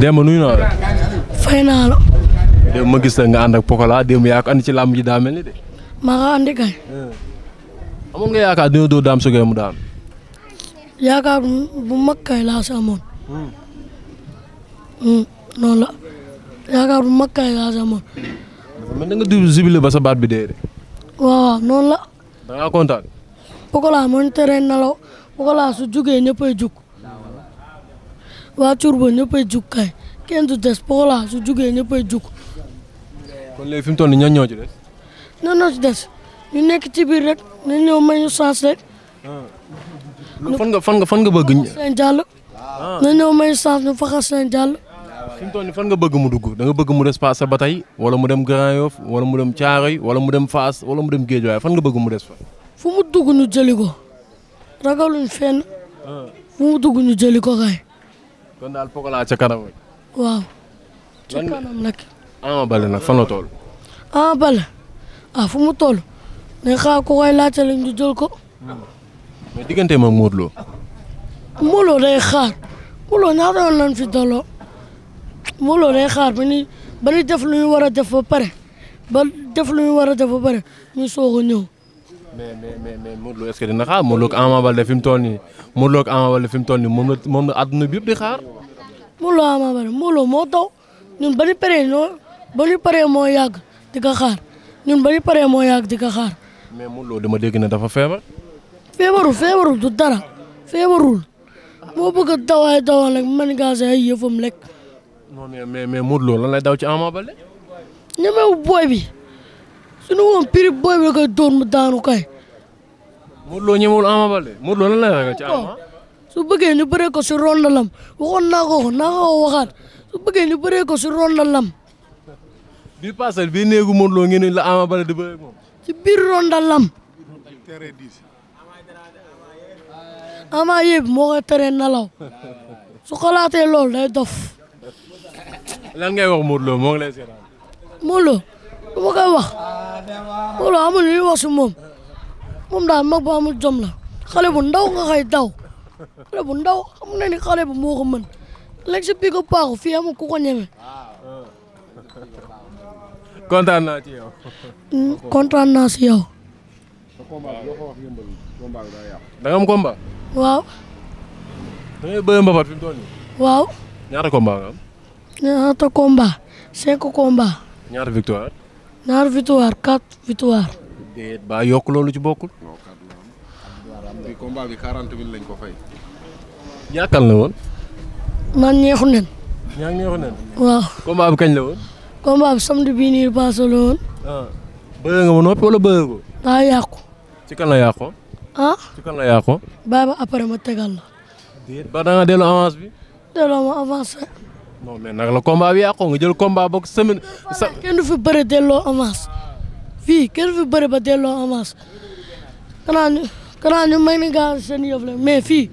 Demba nuyu naa la. fay naa la. Demba ma gis la nga ànd ak Pokola Demba yaa ko andi hmm. nga yaakaar dina dóor Dame Sogé mu daan. yaakaar bu mag kay laa si amoon. Hmm. Hmm, noonu la yaakaar bu mag kay laa si amoon. man da nga di jubile ba sa baat bi dee de. nelaw Pokola su jugee ñëppay jug. waa Cuurba ñëppay jug kay kenn du des Pokola su jugee ñëppay jug. kon léegi fi mu toll nii ñoo ci des. ñoo ñoo des ñu nekk ci biir rek ñu ñëw may ñu chance rek. Ah. nga fan nga fan nga bëgg. seen jàll. na ah. ñëw may chance ñu faxas seen jàll. fi mu toll fan nga bëgg mu dugg da nga bëgg mu des Passe ba tey wala mu dem Grand Yoff wala mu dem Thiaroye wala mu dem Fass wala mu dem géej waaye fan nga bëgg mu des fa. fu mu dugg ñu jëli ko ragaluñ fenn. Ah. fu mu dugg ñu jëli ko kay. kon daal Pokola ca kanam. waaw. ca kanam nag. Ama Baldé nag fan la toll. Ama Baldé ah fu mu toll. ne xaar ko koy laajte lañ ko. mais diggante ma Modou Lo. Modou Lo day xaar Modou Lo ñaata fi daloo Modou Lo day xaar ba ni ba ni def lu ñu war a def ba pare ba def lu ñu war a def ba pare soog a ñëw. mais mais mais Modou Lo est-ce que fi mu toll nii Modou Lo ak Ama Baldé fi mu toll nii moom la moom la àdduna bi di xaar. Modou Lo Ama Baldé Modou moo taw ñun ba ñu paree ba ñu paree moo yàgg di ko xaar ñun ba ñu paree moo yàgg di ko xaar. mais Modou Lo dama dégg ne dafa feebar. feebarul feebarul du dara feebarul moo bëgg a dawaay dawal rek man ngaa say ay yëfam rek. non mais mais mais Modou lan lay daw ci Ama Baldé. ñemewu booy bi suñu woon prix booy bi la koy dóor mu daanu kay. Modou Lo ñemewul Ama Baldé Modou la ragal ci Ama su bëggee ñu bëree ko si rondalam waxoon ko naa ko waxaat su bëggee ñu bëree ko si rondalam. bi paasal bii néegu Modou Lo ngeen la Ama Baldé di bëree moom. ci biir rondalam. Ama yëpp moo koy tere nalaw su xalaatee lool day dof. lan ngay wax Modou Lo moo ngi lay seetaan. Modou wax Modou Lo amul lu wax si moom daal mag bu amul jom la xale bu ndaw nga xay daw xale bu ndaw xam na ni xale bu moo ko mën léegi si pico paaxu fii amul ku ko ñeme. kontaan naa ci yow. Hmm, kontaan naa si yow. da nga am combat. waaw. da ngay bëre mbapat fi mu toll nii. waaw. ñaata combat nga am. ñaata combat cinq combat. ñaata victoire. ñaata victoire quatre victoire. déet ba yokk loolu ci bokkul. non kaddu bi combat bi la woon. man neexu nen. waaw. combat bi kañ la woon. combat bi samedi bii nii paase la ah. nga ma noppi wala bëgg ko. daa yàqu. ci kan la yàqoo. ah ci kan la yàqoo. bàyyi ba après ma tegal la. déet ba da nga delloo avance bi. delloo ma avance. kenn du fi bëri delloo avance. fii kenn fi bari ba delloo avance kanaa ñu kanaa ñu ni gaa seen yëf la mais fii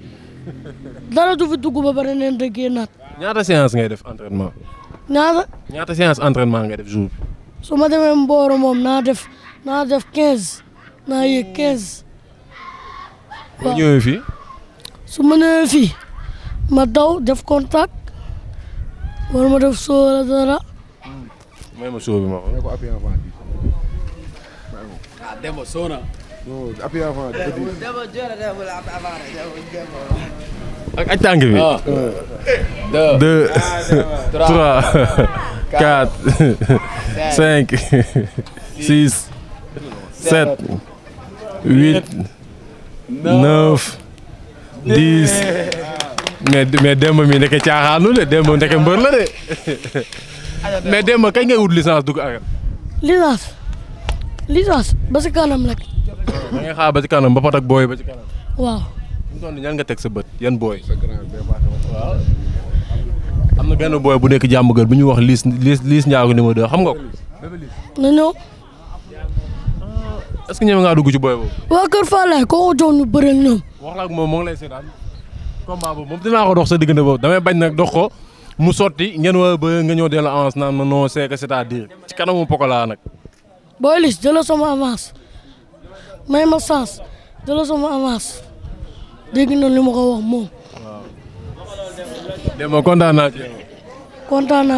dara du fi dugg ba pare neen dëggee naat. ñaata séance ngay def entraînement. ñaata. ñaata séance entraînement nga de jour bi. su ma demee Mboro moom naa def naa def quinze naa yéeg quinze. waaw boo su ma ñëwee fii ma daw def contact wala ma def sóora dara. may ma sóor avant. ah Demba Sona. bi. deux trois quatre cinq six sept huit neuf dix. mais mais mi nekk caaxaanu de Demba nekk mbër la de mais Demba kañ ngay wut licence dugg ak. licence ba si kanam rek. da ngay xaar ba si kanam ba pot ak booy waaw. mu toll nii ñan nga teg sa bët yan booy. am na benn booy bu nekk jàmm gën bu ñuy wax liis liis liis Ndiago numéro 2 xam nga ko. na ñëw. est-ce que ñeme ngaa ci booy boobu. waa Kër Fallay la ak moom moo ngi lay seetaan combat boobu dinaa ko dox sa diggante boobu damay bañ nag dox ko mu sotti ngeen war a bëri nga ñëw delloo avance naan ma non c'est que c'est-à-dire ci kanamu Pokola nag. Boy Liss jëlal sama avance may ma sens jëlal sama avance dégg na li ma ko wax moom. waaw. Demba kontaan